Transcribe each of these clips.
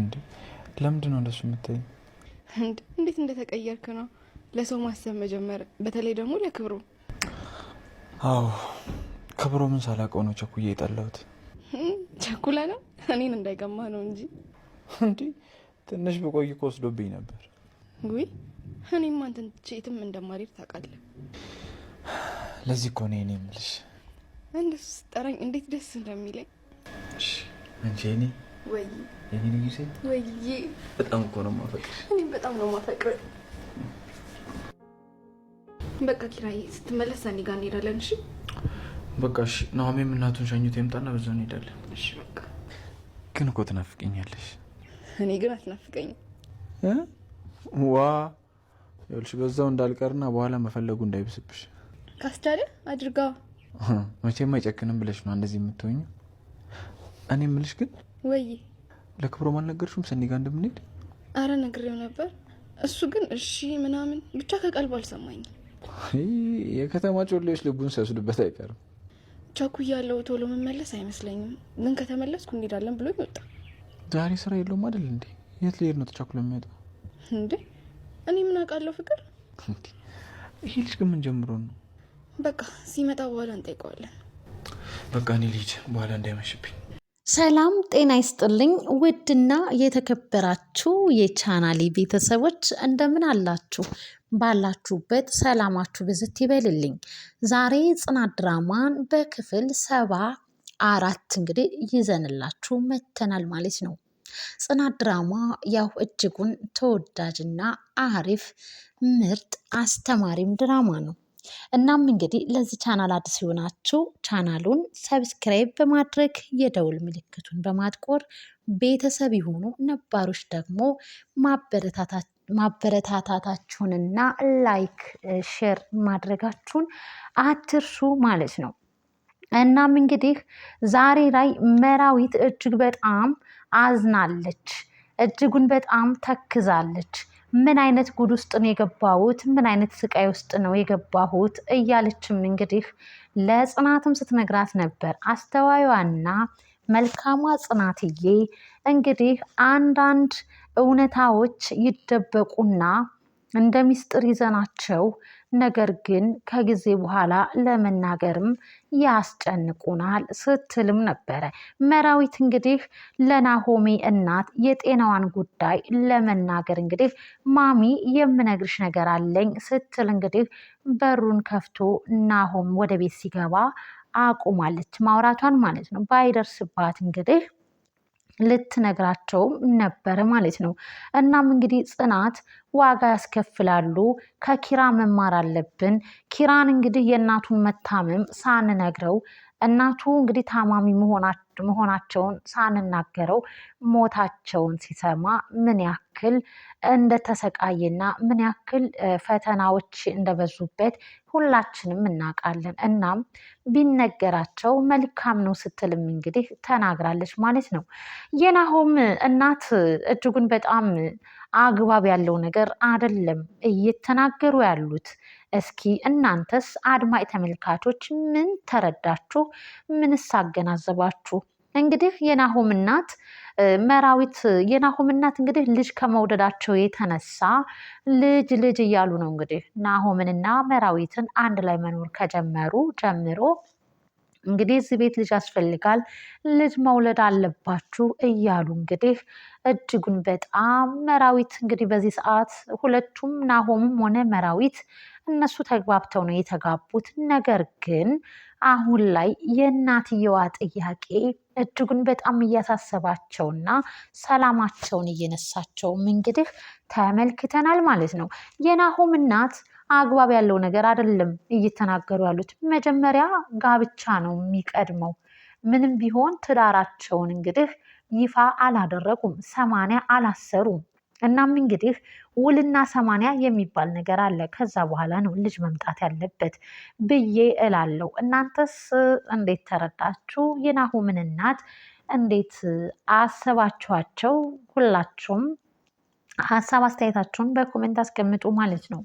እንዴ ለምንድን ነው እንደሱ የምታይ? እንዴት እንደተቀየርክ ነው ለሰው ማሰብ መጀመር፣ በተለይ ደግሞ ለክብሩ። አዎ ክብሩ ምን ሳላውቀው ነው ቸኩዬ የጠላሁት። ቸኩላ ነው እኔን እንዳይገማ ነው እንጂ እንዲ ትንሽ ብቆይ እኮ ወስዶብኝ ነበር። ውይ እኔም አንተን ትቼ የትም እንደማልሄድ ታውቃለህ። ለዚህ እኮ ነው እኔ የምልሽ እንደሱ ስጠራኝ እንዴት ደስ እንደሚለኝ። እንጂ እኔ ወይ የኔ ልዩ ሴት ወይ በጣም እኮ ነው የማፈቅርሽ። እኔም በጣም ነው የማፈቅር። በቃ ኪራይ ስትመለስ እኔ ጋር እንሄዳለን። እሺ በቃ እሺ። ናሆሜም እናቱን ሸኝቶ ይምጣና በዛው እንሄዳለን። እሺ በቃ ግን እኮ ትናፍቀኛለሽ። እኔ ግን አትናፍቀኝም። ዋ ይኸውልሽ፣ በዛው እንዳልቀርና በኋላ መፈለጉ እንዳይብስብሽ። ካስቻለ አድርጋ መቼም አይጨክንም ብለሽ ነው እንደዚህ የምትሆኙ። እኔ የምልሽ ግን ወይ ለክብሮም አልነገርሽም ሰኒ ጋር እንደምንሄድ? አረ ነግሬው ነበር። እሱ ግን እሺ ምናምን ብቻ ከቀልቡ አልሰማኝ። የከተማ ጮሌዎች ልቡን ሲያስዱበት አይቀርም። ቻኩ ያለው ቶሎ መመለስ አይመስለኝም። ግን ከተመለስኩ እንሄዳለን ብሎ ይወጣ። ዛሬ ስራ የለውም አይደል እንዴ? የት ሊሄድ ነው ተቻኩ የሚወጣው እንዴ? እኔ ምን አውቃለሁ ፍቅር። ይሄ ልጅ ግን ምን ጀምሮ ነው? በቃ ሲመጣ በኋላ እንጠይቀዋለን። በቃ እኔ ልጅ በኋላ እንዳይመሽብኝ ሰላም ጤና ይስጥልኝ። ውድና የተከበራችሁ የቻናሊ ቤተሰቦች እንደምን አላችሁ? ባላችሁበት ሰላማችሁ ብዝት ይበልልኝ። ዛሬ ጽናት ድራማን በክፍል ሰባ አራት እንግዲህ ይዘንላችሁ መተናል ማለት ነው። ጽናት ድራማ ያው እጅጉን ተወዳጅና አሪፍ ምርጥ አስተማሪም ድራማ ነው። እናም እንግዲህ ለዚህ ቻናል አዲስ የሆናችሁ ቻናሉን ሰብስክራይብ በማድረግ የደውል ምልክቱን በማጥቆር ቤተሰብ የሆኑ ነባሮች ደግሞ ማበረታታታችሁንና ላይክ ሼር ማድረጋችሁን አትርሱ ማለት ነው። እናም እንግዲህ ዛሬ ላይ መራዊት እጅግ በጣም አዝናለች። እጅጉን በጣም ተክዛለች። ምን አይነት ጉድ ውስጥ ነው የገባሁት? ምን አይነት ስቃይ ውስጥ ነው የገባሁት? እያለችም እንግዲህ ለጽናትም ስትነግራት ነበር። አስተዋዩዋና መልካሟ ጽናትዬ እንግዲህ አንዳንድ እውነታዎች ይደበቁና እንደ ሚስጥር ይዘናቸው ነገር ግን ከጊዜ በኋላ ለመናገርም ያስጨንቁናል ስትልም ነበረ። መራዊት እንግዲህ ለናሆሜ እናት የጤናዋን ጉዳይ ለመናገር እንግዲህ ማሚ የምነግርሽ ነገር አለኝ ስትል እንግዲህ በሩን ከፍቶ ናሆም ወደ ቤት ሲገባ አቁማለች ማውራቷን ማለት ነው። ባይደርስባት እንግዲህ ልትነግራቸውም ነበረ ማለት ነው። እናም እንግዲህ ጽናት ዋጋ ያስከፍላሉ፣ ከኪራ መማር አለብን። ኪራን እንግዲህ የእናቱን መታመም ሳንነግረው እናቱ እንግዲህ ታማሚ መሆናቸውን ሳንናገረው ሞታቸውን ሲሰማ ምን ያክል እንደተሰቃየና ምን ያክል ፈተናዎች እንደበዙበት ሁላችንም እናውቃለን። እናም ቢነገራቸው መልካም ነው ስትልም እንግዲህ ተናግራለች ማለት ነው። የናሆም እናት እጅጉን በጣም አግባብ ያለው ነገር አይደለም እየተናገሩ ያሉት እስኪ እናንተስ አድማጭ ተመልካቾች ምን ተረዳችሁ? ምንስ አገናዘባችሁ? እንግዲህ የናሆም እናት መራዊት የናሆም እናት እንግዲህ ልጅ ከመውደዳቸው የተነሳ ልጅ ልጅ እያሉ ነው እንግዲህ ናሆምንና መራዊትን አንድ ላይ መኖር ከጀመሩ ጀምሮ እንግዲህ እዚህ ቤት ልጅ ያስፈልጋል፣ ልጅ መውለድ አለባችሁ እያሉ እንግዲህ እጅጉን በጣም መራዊት እንግዲህ በዚህ ሰዓት ሁለቱም ናሆምም ሆነ መራዊት እነሱ ተግባብተው ነው የተጋቡት። ነገር ግን አሁን ላይ የእናትየዋ ጥያቄ እጅጉን በጣም እያሳሰባቸውና ሰላማቸውን እየነሳቸውም እንግዲህ ተመልክተናል ማለት ነው። የናሆም እናት አግባብ ያለው ነገር አይደለም እየተናገሩ ያሉት። መጀመሪያ ጋብቻ ነው የሚቀድመው። ምንም ቢሆን ትዳራቸውን እንግዲህ ይፋ አላደረጉም፣ ሰማንያ አላሰሩም። እናም እንግዲህ ውልና ሰማንያ የሚባል ነገር አለ። ከዛ በኋላ ነው ልጅ መምጣት ያለበት ብዬ እላለሁ። እናንተስ እንዴት ተረዳችሁ? የናሁምን እናት እንዴት አሰባችኋቸው? ሁላችሁም ሀሳብ አስተያየታችሁን በኮሜንት አስቀምጡ ማለት ነው።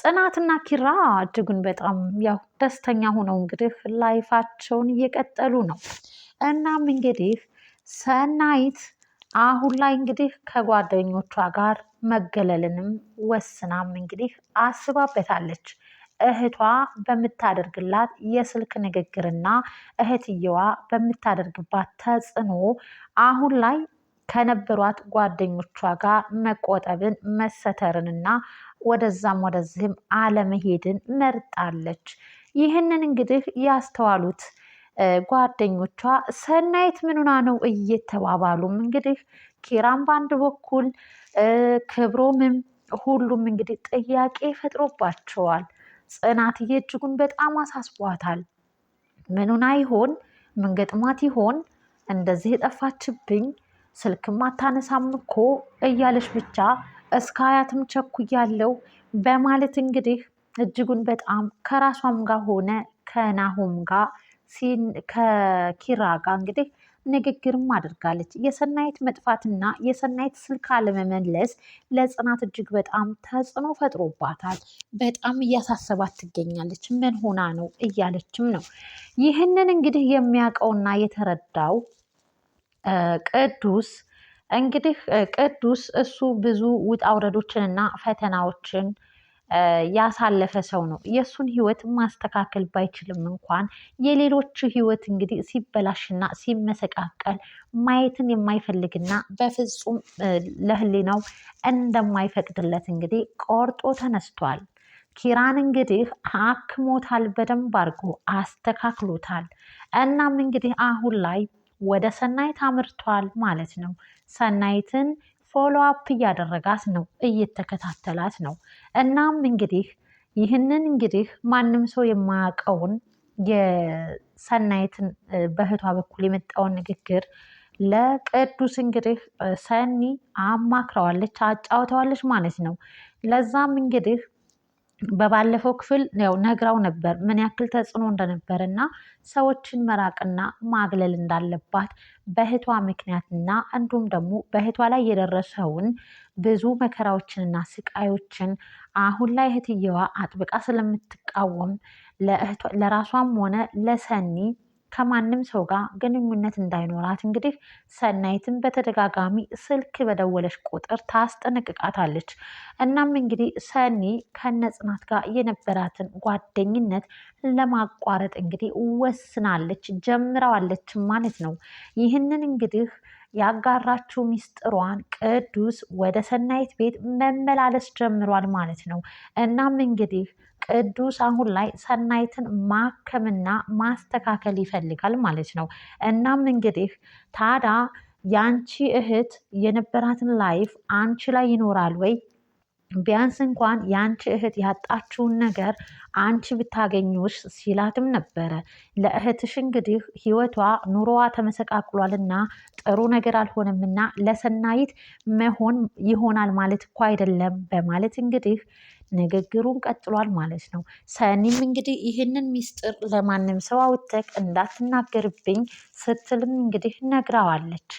ጽናትና ኪራ እጅጉን በጣም ያው ደስተኛ ሆነው እንግዲህ ላይፋቸውን እየቀጠሉ ነው። እናም እንግዲህ ሰናይት አሁን ላይ እንግዲህ ከጓደኞቿ ጋር መገለልንም ወስናም እንግዲህ አስባበታለች። እህቷ በምታደርግላት የስልክ ንግግርና እህትየዋ በምታደርግባት ተጽዕኖ አሁን ላይ ከነበሯት ጓደኞቿ ጋር መቆጠብን መሰተርንና ወደዛም ወደዚህም አለመሄድን መርጣለች። ይህንን እንግዲህ ያስተዋሉት ጓደኞቿ ሰናይት ምኑና ነው እየተባባሉም እንግዲህ ኪራም በአንድ በኩል ክብሮምም ሁሉም እንግዲህ ጥያቄ ፈጥሮባቸዋል። ጽናት እጅጉን በጣም አሳስቧታል። ምኑና ይሆን ምን ገጥማት ይሆን እንደዚህ የጠፋችብኝ ስልክም አታነሳም እኮ እያለች ብቻ እስከ አያትም ቸኩያለው በማለት እንግዲህ እጅጉን በጣም ከራሷም ጋር ሆነ ከናሁም ጋር ከኪራ ጋር እንግዲህ ንግግርም አድርጋለች። የሰናይት መጥፋትና የሰናይት ስልክ አለመመለስ ለጽናት እጅግ በጣም ተጽዕኖ ፈጥሮባታል። በጣም እያሳሰባት ትገኛለች። ምን ሆና ነው እያለችም ነው። ይህንን እንግዲህ የሚያውቀውና የተረዳው ቅዱስ እንግዲህ ቅዱስ እሱ ብዙ ውጣ ውረዶችንና ፈተናዎችን ያሳለፈ ሰው ነው። የእሱን ህይወት ማስተካከል ባይችልም እንኳን የሌሎች ህይወት እንግዲህ ሲበላሽና ሲመሰቃቀል ማየትን የማይፈልግና በፍጹም ለህሊናው እንደማይፈቅድለት እንግዲህ ቆርጦ ተነስቷል። ኪራን እንግዲህ አክሞታል፣ በደንብ አድርጎ አስተካክሎታል። እናም እንግዲህ አሁን ላይ ወደ ሰናይት አምርቷል ማለት ነው ሰናይትን ፎሎ አፕ እያደረጋት ነው፣ እየተከታተላት ነው። እናም እንግዲህ ይህንን እንግዲህ ማንም ሰው የማያውቀውን የሰናይትን በእህቷ በኩል የመጣውን ንግግር ለቅዱስ እንግዲህ ሰኒ አማክረዋለች፣ አጫውተዋለች ማለት ነው። ለዛም እንግዲህ በባለፈው ክፍል ያው ነግራው ነበር ምን ያክል ተጽዕኖ እንደነበር እና ሰዎችን መራቅና ማግለል እንዳለባት በእህቷ ምክንያትና እንዲሁም ደግሞ በእህቷ ላይ የደረሰውን ብዙ መከራዎችንና ስቃዮችን አሁን ላይ እህትየዋ አጥብቃ ስለምትቃወም ለራሷም ሆነ ለሰኒ ከማንም ሰው ጋር ግንኙነት እንዳይኖራት እንግዲህ ሰናይትን በተደጋጋሚ ስልክ በደወለች ቁጥር ታስጠነቅቃታለች። እናም እንግዲህ ሰኒ ከነጽናት ጋር የነበራትን ጓደኝነት ለማቋረጥ እንግዲህ ወስናለች ጀምረዋለች ማለት ነው። ይህንን እንግዲህ ያጋራችው ሚስጥሯን ቅዱስ ወደ ሰናይት ቤት መመላለስ ጀምሯል ማለት ነው። እናም እንግዲህ ቅዱስ አሁን ላይ ሰናይትን ማከምና ማስተካከል ይፈልጋል ማለት ነው። እናም እንግዲህ ታዳ ያንቺ እህት የነበራትን ላይፍ አንቺ ላይ ይኖራል ወይ ቢያንስ እንኳን የአንቺ እህት ያጣችውን ነገር አንቺ ብታገኙሽ ሲላትም ነበረ። ለእህትሽ እንግዲህ ህይወቷ ኑሮዋ ተመሰቃቅሏልና ጥሩ ነገር አልሆነምና ለሰናይት መሆን ይሆናል ማለት እኮ አይደለም በማለት እንግዲህ ንግግሩን ቀጥሏል ማለት ነው። ሰኒም እንግዲህ ይህንን ሚስጥር ለማንም ሰው አውጥተህ እንዳትናገርብኝ ስትልም እንግዲህ ነግራዋለች።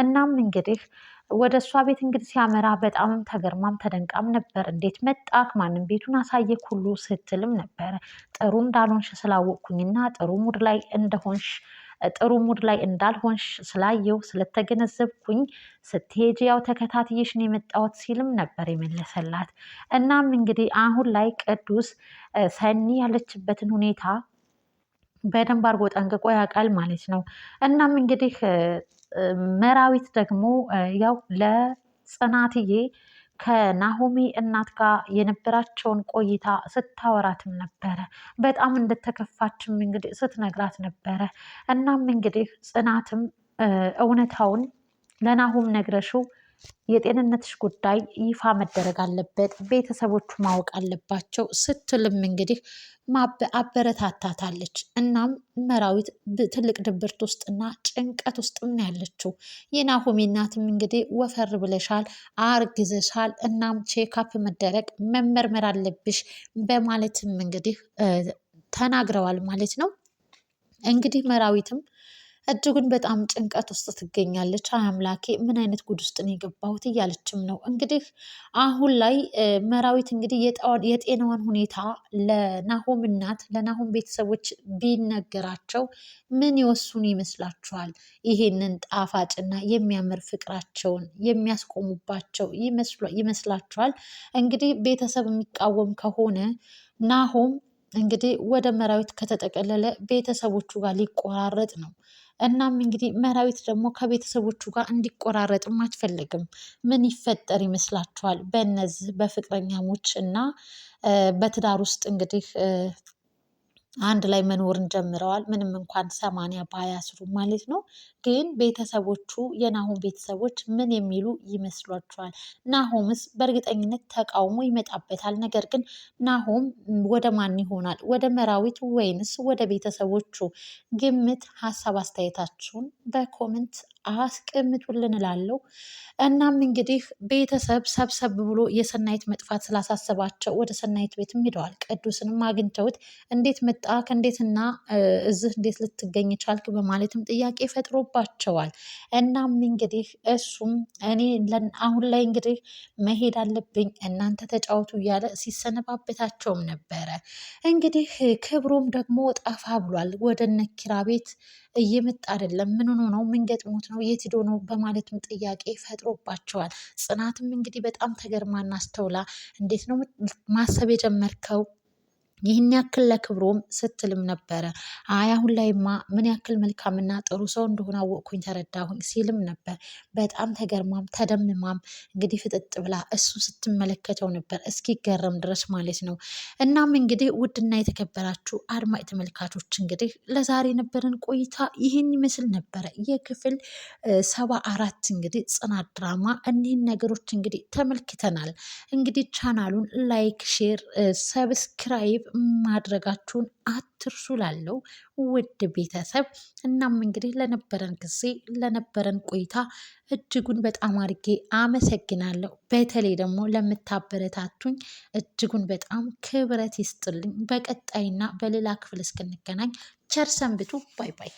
እናም እንግዲህ ወደ እሷ ቤት እንግዲህ ሲያመራ በጣም ተገርማም ተደንቃም ነበር። እንዴት መጣክ? ማንም ቤቱን አሳየክ ሁሉ ስትልም ነበረ። ጥሩ እንዳልሆንሽ ስላወቅኩኝና ጥሩ ሙድ ላይ እንደሆንሽ ጥሩ ሙድ ላይ እንዳልሆንሽ ስላየው ስለተገነዘብኩኝ ስትሄጂ ያው ተከታትዬሽ ነው የመጣሁት ሲልም ነበር የመለሰላት። እናም እንግዲህ አሁን ላይ ቅዱስ ሰኒ ያለችበትን ሁኔታ በደንብ አርጎ ጠንቅቆ ያውቃል ማለት ነው። እናም እንግዲህ መራዊት ደግሞ ያው ለጽናትዬ ከናሆሚ እናት ጋር የነበራቸውን ቆይታ ስታወራትም ነበረ። በጣም እንደተከፋችም እንግዲህ ስትነግራት ነበረ። እናም እንግዲህ ጽናትም እውነታውን ለናሆም ነግረሽው የጤንነትሽ ጉዳይ ይፋ መደረግ አለበት፣ ቤተሰቦቹ ማወቅ አለባቸው ስትልም እንግዲህ አበረታታታለች። እናም መራዊት ትልቅ ድብርት ውስጥና ጭንቀት ውስጥም ያለችው የናሆሚ እናትም እንግዲህ ወፈር ብለሻል፣ አርግዘሻል፣ እናም ቼካፕ መደረግ መመርመር አለብሽ በማለትም እንግዲህ ተናግረዋል ማለት ነው። እንግዲህ መራዊትም እጅጉን በጣም ጭንቀት ውስጥ ትገኛለች። አይ አምላኬ ምን አይነት ጉድ ውስጥ ነው የገባሁት እያለችም ነው እንግዲህ አሁን ላይ መራዊት እንግዲህ የጤናዋን ሁኔታ ለናሆም እናት ለናሆም ቤተሰቦች ቢነገራቸው ምን ይወሱን ይመስላችኋል? ይሄንን ጣፋጭና የሚያምር ፍቅራቸውን የሚያስቆሙባቸው ይመስላችኋል? እንግዲህ ቤተሰብ የሚቃወም ከሆነ ናሆም እንግዲህ ወደ መራዊት ከተጠቀለለ ቤተሰቦቹ ጋር ሊቆራረጥ ነው። እናም እንግዲህ መራዊት ደግሞ ከቤተሰቦቹ ጋር እንዲቆራረጥም አትፈልግም። ምን ይፈጠር ይመስላችኋል? በእነዚህ በፍቅረኛሞች እና በትዳር ውስጥ እንግዲህ አንድ ላይ መኖርን ጀምረዋል። ምንም እንኳን ሰማንያ ባያስሩ ማለት ነው። ግን ቤተሰቦቹ የናሆም ቤተሰቦች ምን የሚሉ ይመስሏቸዋል? ናሆምስ በእርግጠኝነት ተቃውሞ ይመጣበታል። ነገር ግን ናሆም ወደ ማን ይሆናል? ወደ መራዊት ወይንስ ወደ ቤተሰቦቹ? ግምት፣ ሀሳብ አስተያየታችሁን በኮመንት አስቀምጡልን እላለሁ። እናም እንግዲህ ቤተሰብ ሰብሰብ ብሎ የሰናይት መጥፋት ስላሳሰባቸው ወደ ሰናይት ቤትም ሄደዋል። ቅዱስንም አግኝተውት እንዴት መጣክ እንዴትና እዚህ እንዴት ልትገኝ ቻልክ በማለትም ጥያቄ ፈጥሮባቸዋል። እናም እንግዲህ እሱም እኔ አሁን ላይ እንግዲህ መሄድ አለብኝ እናንተ ተጫወቱ እያለ ሲሰነባበታቸውም ነበረ። እንግዲህ ክብሩም ደግሞ ጠፋ ብሏል። ወደ ነኪራ ቤት እየመጣ አይደለም። ምን ሆኖ ነው? ምን ገጥሞት ነው? የት ሄዶ ነው? በማለትም ጥያቄ ፈጥሮባቸዋል። ጽናትም እንግዲህ በጣም ተገርማና አስተውላ እንዴት ነው ማሰብ የጀመርከው ይህን ያክል ለክብሮም ስትልም ነበረ። አይ አሁን ላይማ ምን ያክል መልካምና ጥሩ ሰው እንደሆነ አወቅኩኝ ተረዳሁኝ ሲልም ነበር። በጣም ተገርማም ተደምማም እንግዲህ ፍጥጥ ብላ እሱ ስትመለከተው ነበር እስኪገረም ድረስ ማለት ነው። እናም እንግዲህ ውድና የተከበራችሁ አድማጭ ተመልካቾች እንግዲህ ለዛሬ የነበረን ቆይታ ይህን ይመስል ነበረ። የክፍል ሰባ አራት እንግዲህ ጽናት ድራማ እኒህን ነገሮች እንግዲህ ተመልክተናል። እንግዲህ ቻናሉን ላይክ፣ ሼር፣ ሰብስክራይብ ማድረጋችሁን አትርሱ ላለው ውድ ቤተሰብ። እናም እንግዲህ ለነበረን ጊዜ ለነበረን ቆይታ እጅጉን በጣም አድርጌ አመሰግናለሁ። በተለይ ደግሞ ለምታበረታቱኝ እጅጉን በጣም ክብረት ይስጥልኝ። በቀጣይና በሌላ ክፍል እስክንገናኝ ቸር ሰንብቱ። ባይ ባይ።